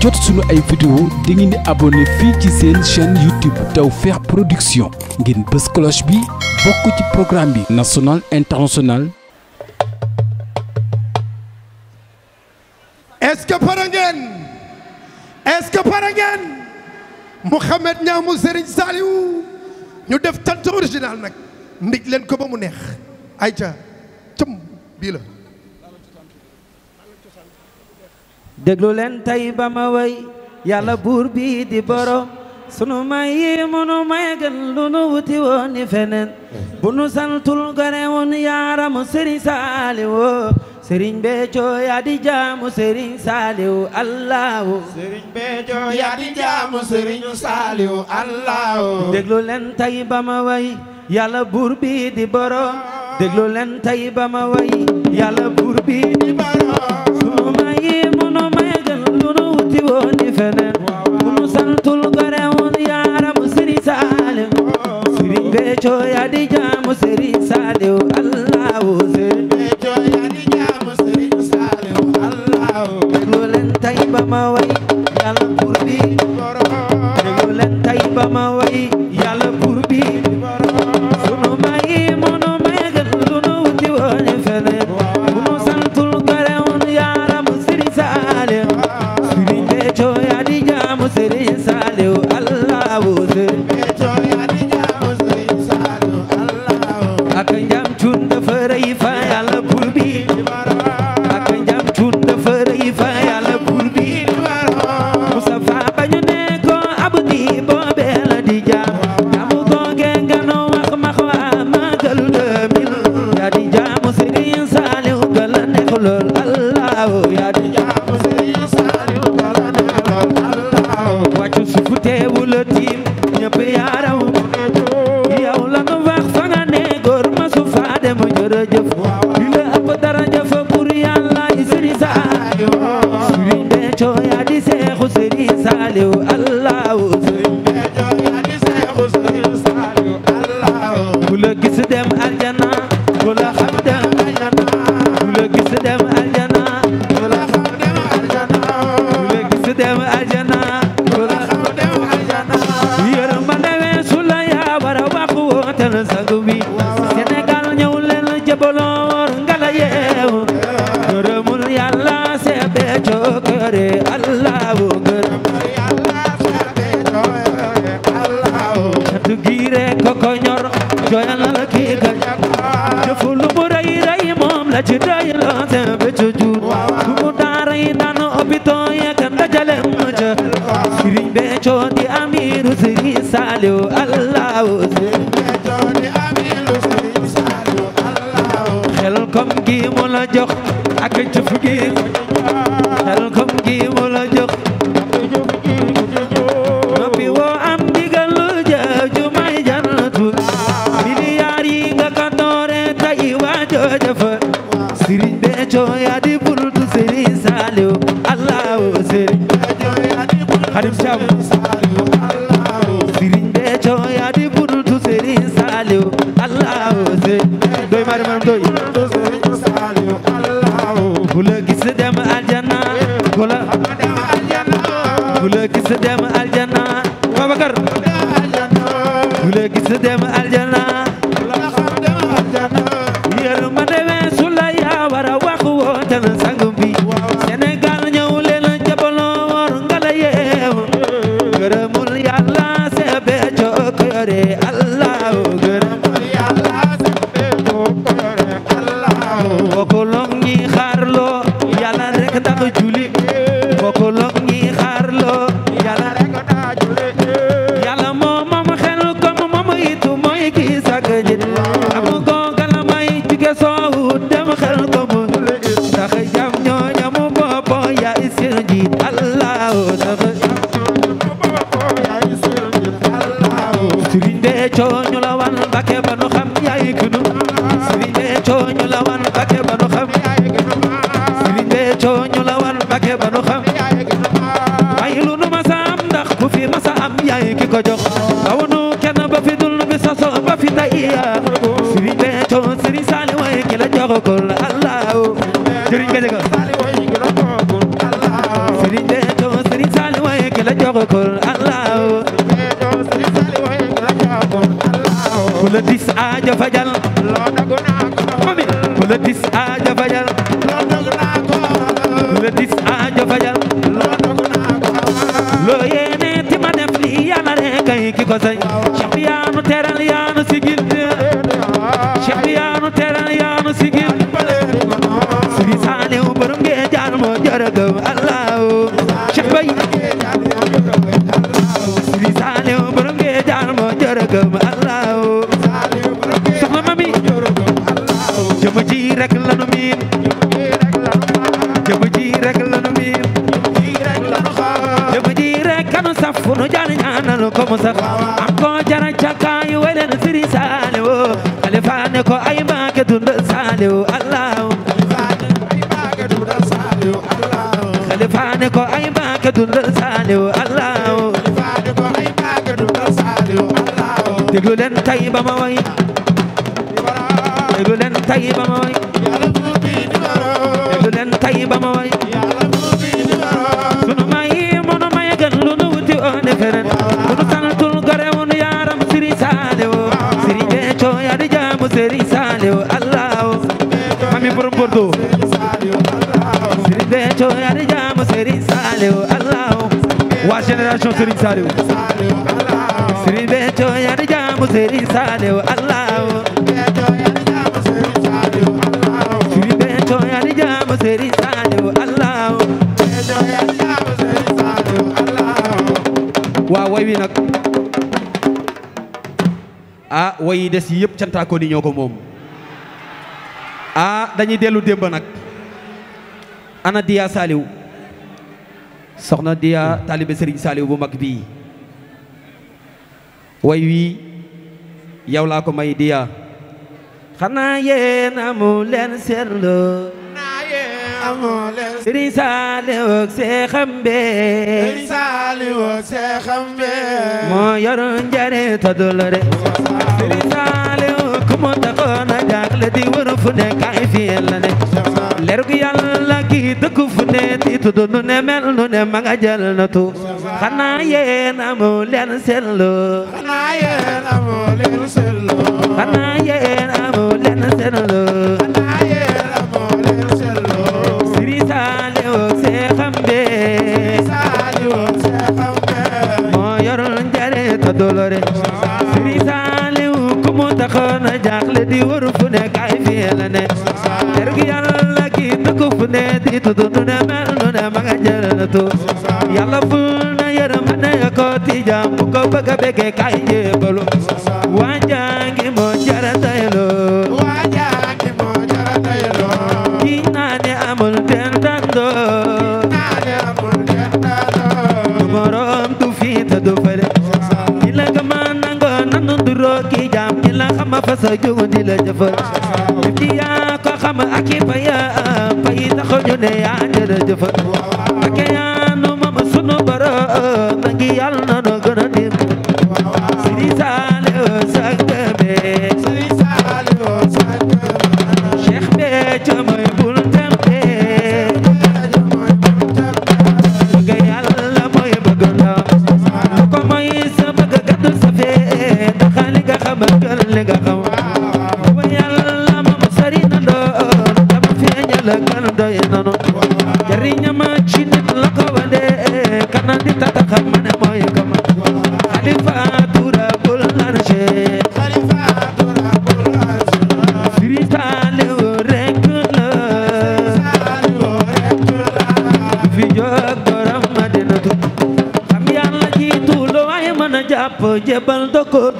jot suñu ay vidéo da ngeen di abonné fii ci seen chaîne YouTube Tawfekh Production ngeen bës cloche bi bokk ci programme bi national international est-ce que pare ngeen est-ce que ñu def tant original nag ndig leen ko ba mu neex ayca cëm bii la déglu leen tey ba ma way yàlla buur bi di borom sunu may yi munu may gën lu nu wuti woon ni feneen bu nu santul gore woon yaaramu Serigne Saliou Serigne Béthio yaa di di jaamu Serigne Saliou Allahu bi di feneen bu nu santul gore woon yaaram Serigne Saliou Serigne Béthio yaa di jaamu Serigne Saliou Allahu Serigne Béthio yaa di jaamu Serigne Saliou Allahu déglu leen tay ba ma way yàlla pour bi déglu leen tay ba ma way dem kom gi mu la jox ak jëf gi mu la jox noppi woo am digal ju may jannatu miliyaar yi nga ka doore tay waa jooja fa sëriñ Béthio yaa di buntu sëriñ Saliou Allahu sëriñ Xadim Sam ku la gis dem aljana Babacar ku la gis dem ko jox awunu kenn ba fi dul bi soso ba fi tayya Sëriñ Béthio Sëriñ Saali way ki la joxagul Allah jëriñ nga jëga Sëriñ Béthio Sëriñ Saali way ki la joxagul Allah ku la dis aajo fajal ku la dis karagam allahu ci bay sëriñ Saaliw borom ngee jaar moo jaragam allahu soxna mami jëm ji rek lanu miin jëm ji rek lanu miin jëm ji rek kanu saf fu nu jaan ñaanal ko mu sax am ko jara cakaayu weleen sëriñ Saaliw xalifa ne ko ay maake dund Saaliw ne ko ay Mbacké dundal Saliou Allahu faade ko ay Mbacké dundal Saliou Allahu déglu leen tay ba ma way déglu leen tay ba ma way déglu leen tay ba ma way sunu may mënu may gën lu nu wuti oo ne feneen bu nu santul gore wun yaaram Serigne Saliou Serigne Béthio yaa di jaamu Serigne Saliou Allahu mami borom Bordeaux délégation Serigne Saliou waaw way wi nag ah way des yëpp cantaako ni ñoo ko moom ah dañuy dellu démb nag ana Diya Saliou soxna Dia taalibe Serigne Saliou bu mag bii way wii yow laa ko may Dia xanaa yéen amu leen seetlu Serigne Saliou ak seexam be moo yor njare ta yàlla di waru fu ne kaay fi yàlla ne leer gu yàlla kii dëkk fu ne di tudd ne mel nu ne ma na tu xanaa yéen amu leen seetlu xanaa yéen amu leen seetlu xanaa yéen amu leen seetlu dolores di waru fu ne kay fii la ne ter gi yàlla gi nuku fu ne di tudd nu ne mel nu ne ma nga ful na yërëm ne ko ti jaam bu ko bëgg a bëgg kay jébalu waa njàngi moo jarata sa jóg di la jëfal nit ñi yaa ko xam ak i ba yaa bay taxaw ñu ne yaa jërëjëfal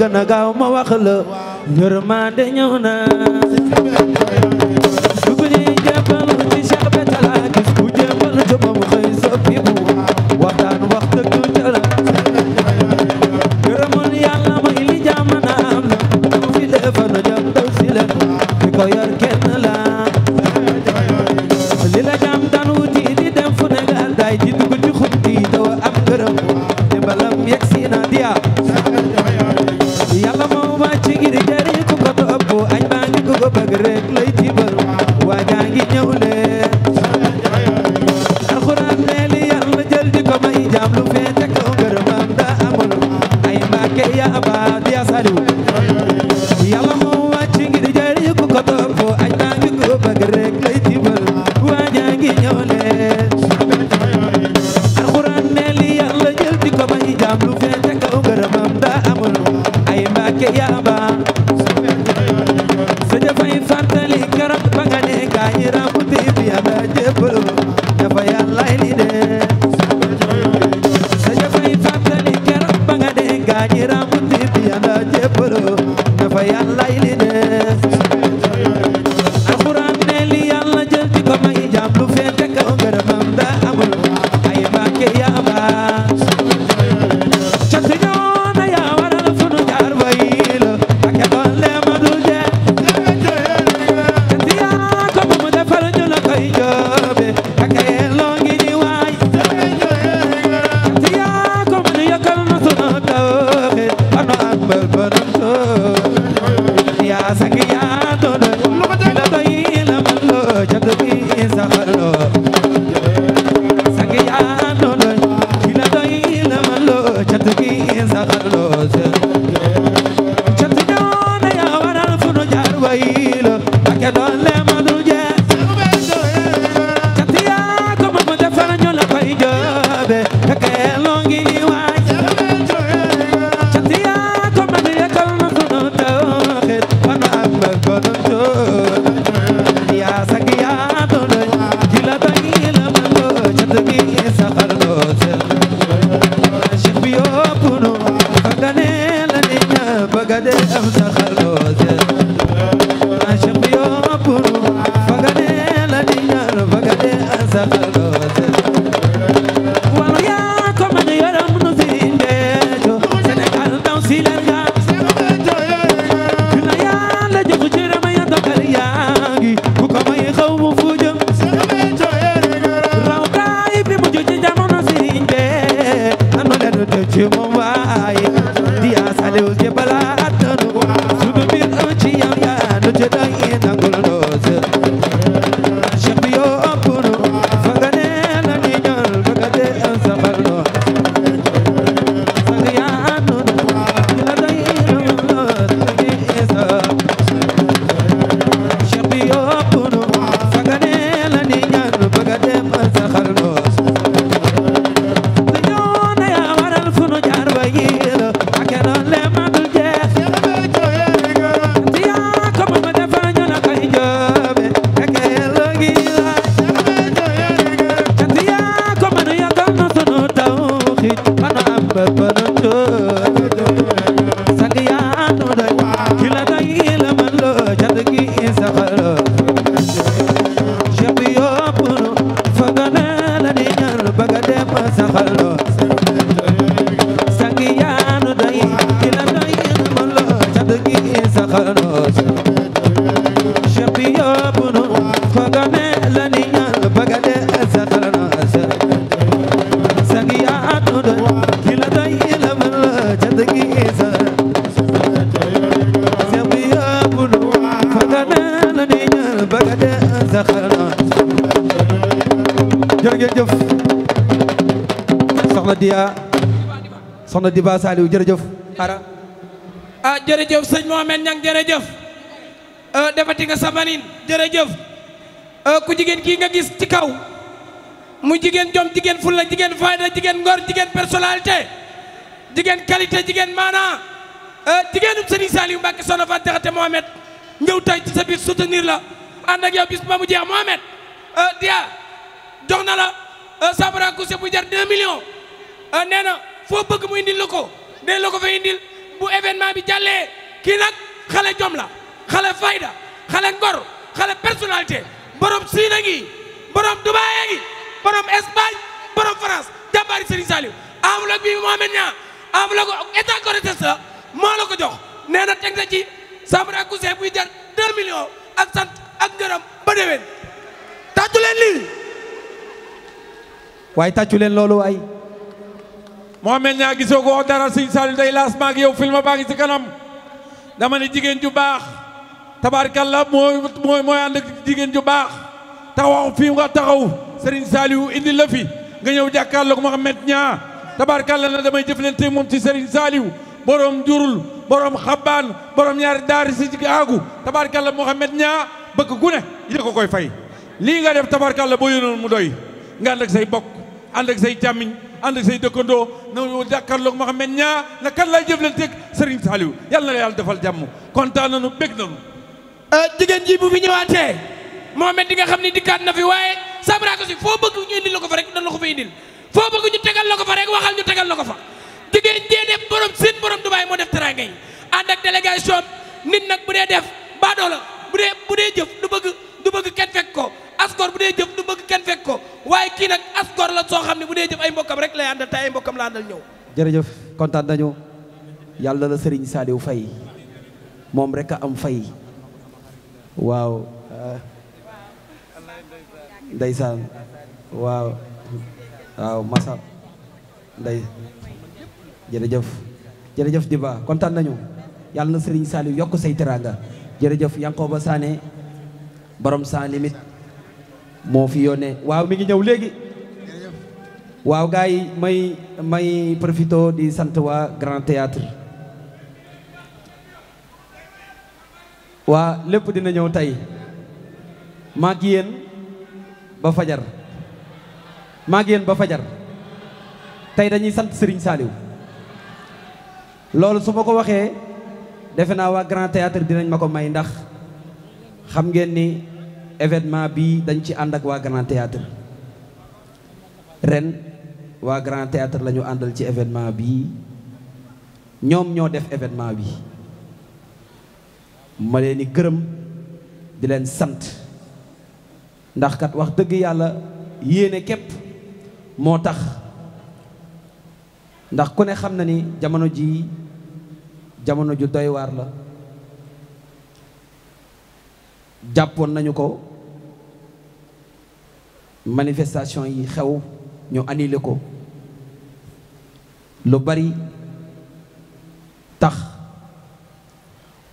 gën a gaaw ma wax la yërmande ñëw na soxna Dia soxna Diba Saliou jërëjëf ara ah jërëjëf sëñ Mohamed Niang jërëjëf ah, defati nga samanin jërëjëf ah, ku jigéen kii nga gis ci kaw mu jigéen jom jigéen fulla jigéen fayda jigéen ngor jigéen personnalité jigéen qualité jigéen maana ah, jigéenum sëriñ Saliou Mbacke soxna Fatou Diakhaté Mohamed ñëw tay ci sa biir soutenir la ànd ak yow bis ba mu jeex Mohamed Dia jox na la sabara ku se jar 2 millions Ah, nee na foo bëgg mu indil la ko day la ko fa indil bu événement bi jàllee kii nag xale jom xale fayda xale ngor xale personnalité borom Siin a ngi borom Dubaay a ngi borom Espagne borom France jàmbaari Serigne Saliou enveloppe bi Mohamed Niang enveloppe état Corrèze la moo la ko jox nee na teg na ci chambre à coucher buy jar 2 millions ak sant ak gërëm ba déwén tàccu lii waaye tàccu loolu waay Mohamed ñaa gisoo ko dara sëñ Saliou day laas maag yow film baa ngi ci kanam dama ne jigéen ju baax tabaarkalla mooy mooy mooy ànd ak jigéen ju baax taxaw fii nga taxaw Serigne Saliou indi la fi nga ñëw jàkkaarloog Mohamed ñaa tabaarkalla na damay jëflante moom ci Serigne saaliw borom jurul borom xabaan borom ñaari daari si aagu tabaarkalla Mohamed ñaa bëgg gu ne ko koy fay lii nga def tabaarkalla boo yónnoon mu doy nga ànd ak say bokk ànd ak say càmmiñ ànd ak say dëkkandoo na jàkkaarloog ma xam ne ñaa na kan laay jëflanteeg Serigne Saliou yàlla na la yàlla defal jàmm kontaan nañu bég nañu. Euh, jigéen ji bu fi ñëwaatee Mohamed di nga xam ne dikkaat na fi waaye sabra ko si foo bëgg ñu indil la ko fa rek dañ la ko fa indil foo bëgg ñu tegal la ko fa rek waxal ñu tegal la ko fa jigéen jee def borom seen borom Dubaay moo def teraanga yi ànd ak délégation nit nag bu dee def baadoo bu dee bu dee jëf du bëgg du bëgg ko waaye kii nag as gor la soo xam ne bu dee jëf ay mbokkam rek lay àndal te ay mbokkam la àndal ñëw jërëjëf kontaan nañu yàlla la Serigne Saliou Faye moom rek a am fay waaw ndeysaan waaw waaw masa ndey jërëjëf jërëjëf Diba kontaan nañu yàlla na sëriñ Saliou yokk say teraanga jërëjëf Yankoba Sané borom sans limite moo fi yónnee waaw mi ngi ñëw léegi waaw gars yi may may profito di sant waa Grand Théâtre waa lépp dina ñëw tey maag yéen ba fajar maag ba fajar tey dañuy sant Serigne Saliou loolu su ma ko waxee defe naa waa Grand Théâtre dinañ ma ko may ndax xam ngeen ni événement bii dañ ci ànd ak waa Grand Théâtre ren waa Grand Théâtre la àndal ci événement bii ñoom ñoo def événement bi ma leen di gërëm di leen sant ndax kat wax dëgg yàlla yéene képp moo tax ndax ku ne xam na ni jamono ji jamono ju doy waar la jàppoon nañu ko manifestation yi xew ñu annulé ko lu bari tax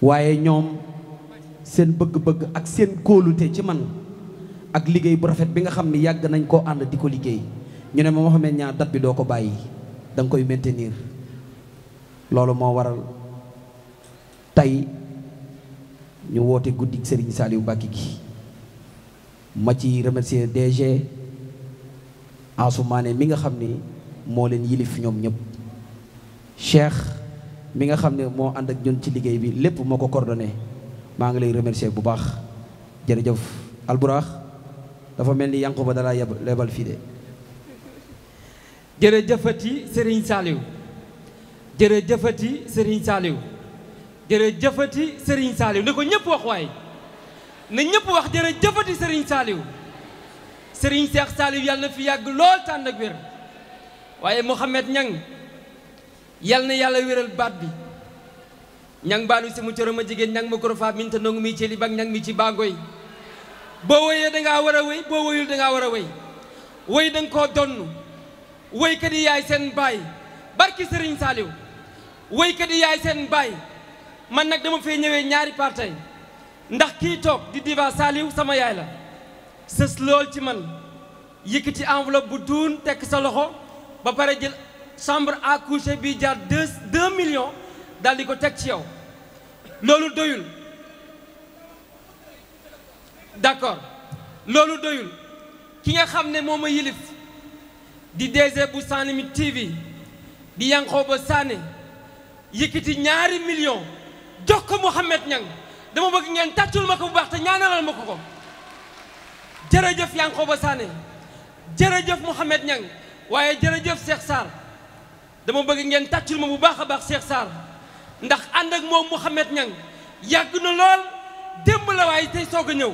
waaye ñoom seen bëgg-bëgg ak seen kóolute ci man ak liggéey bu rafet bi nga xam ne yàgg nañ koo ànd di ko liggéey ñu ne ma Mouhamed Niang date bi doo ko bàyyi danga koy maintenir loolu moo waral tey ñu woote guddi Serigne Saliou Mbacké gi ma ci remercier DG Assoumane mi nga xam ni moo leen yilif ñoom ñëpp Cheikh mi nga xam ne moo ànd ak ñun ci liggéey bi lépp moo ko coordonné maa ngi lay remercier bu baax jërëjëf alburax dafa mel ni yanqu ba dalaa yeb lebal fii de jërëjëfati Serigne Saliou jërëjëfati Serigne Saliou jëfati Serigne Saliou ne ko ñëpp wax waay na ñëpp wax jëfati sëriñ saaliw Serigne Cheikh Saliou yàlla na fi yàgg lool tànn ak wér waaye Mouhamed Ñang yàlla na yàlla wéral baat bi ñang baanu si mu cërëm a jigéen ñang ma korofa minta nangu mi ci li bag ñang mi ci baagoy boo woyee dangaa war a woy boo woyul dangaa war a woy woy danga ko donn woykat yi yaay seen baay barki Serigne Saliou woykat yi yaay seen baay man nag dama fee ñëwee ñaari partey ndax kii toog di diva Saliou sama yaay la sës lool ci man yëkkati enveloppe bu duun tekk sa loxo ba pare jël chambre à coucher bi jaar deux deux millions daal di ko teg ci yow loolu doyul d'accord loolu doyul ki nga xam ne moo ma yilif di DG bu sanni Limites TV di Yankhoba Sané yëkkati ñaari millions jox ko Mouhamed Niang dama bëgg ngeen tàccul ma ko bu baax te ñaanalal ma ko ko jërëjëf Yankoba Sané jërëjëf Mouhamed Niang waaye jërëjëf Cheikh Sarr dama bëgg ngeen tàccul ma bu baax a baax seex Sarr ndax ànd ak moom Mouhamed Niang yàgg na lool démb la waaye tey soog a ñëw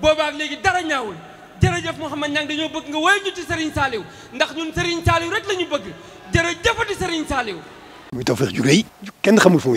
boobaak léegi dara ñaawul jërëjëf Mouhamed Niang dañoo bëgg nga woy ñu ci Serigne Saliou ndax ñun Serigne Saliou rek la ñu bëgg jërëjëfati Serigne Saliou. muy Tawfekh ju rëy kenn xamul fu mu